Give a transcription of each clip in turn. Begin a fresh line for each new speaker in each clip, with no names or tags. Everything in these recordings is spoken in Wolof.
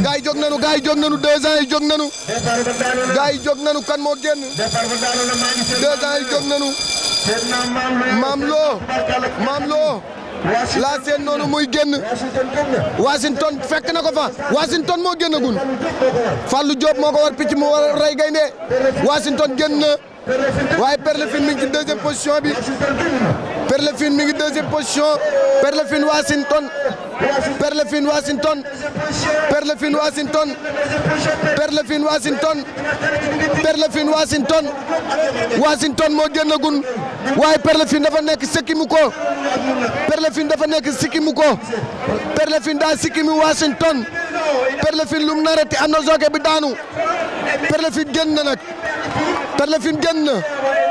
gaa yi jóg nañu gaa yi jóg nañu deux ans yi yi jóg nañu kan moo génn. deux ans yi jóg maam loo maam laa seen noonu muy génn Washington fekk na ko fa Washington moo génnagul Fallou Diop moo ko war picc mu war rey gaynde Washington génn na waaye Perlefine mi ngi ci position bi Perlefine mi ngi deuxième position Perlefine Washington Perlephine Washington Perlephine Washington Perlephine Washington Perlephine Washington Washington moo génnagul waaye Perlephine dafa nekk sikkimu ko Perlephine dafa nekk sikkimu ko Perlephine daa sikkimu Washington Perlephine lum narati am na joge bi daanu Perlephine génn na nag Perlephine génn na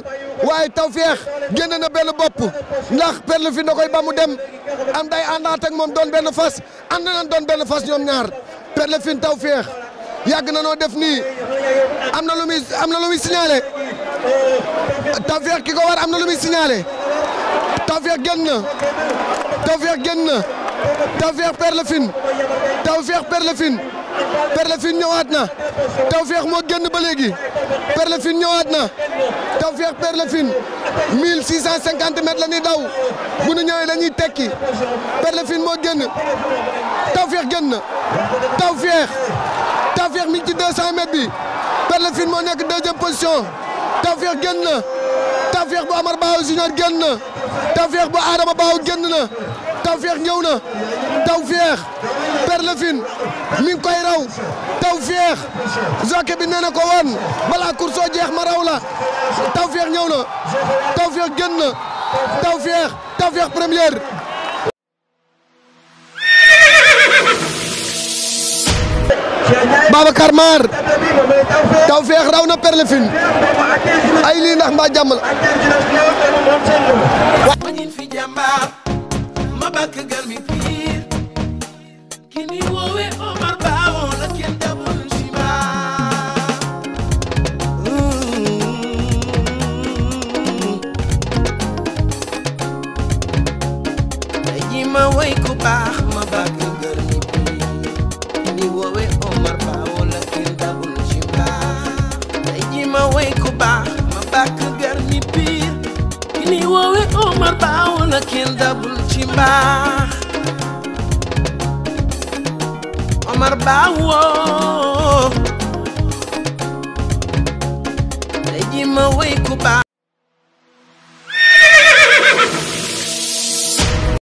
dem waaye Tawfekh génn na benn bopp ndax perle fi na koy ba mu dem am day àndaat ak moom doon benn fas am nañ doon benn fas ñoom ñaar perle fin Tawfekh yàgg na noo def nii am na lu muy am na lu muy signalé Tawfekh ki ko war am na lu muy signalé Tawfekh génn na Tawfekh génn na Tawfekh perle fin Tawfekh perle Perlefine ñëwaat na de moo génn ba Perlefine ñëwaat na perle 1650 mètres la ñuy daw bu mètres ñëwee Perlefine moo génn génn na mi mètres bi Perlefine moo nekk deuxième position génn na bu Amar Baaw Junior na bu Adama Baaw Elofine mi ngi koy raw na ko ma raw na taw féex gën na taw na Père ay lii ndax mbaa
la ma woy ku baax ma bàgg ngër yi bii ni woowe Omar Ba wala kër dabul ci baax tey ji ma woy ku baax ma bàgg ngër yi biir ni woowe Omar Ba wala kër dabul ci baax Omar Ba woo tey ji ma woy ku baax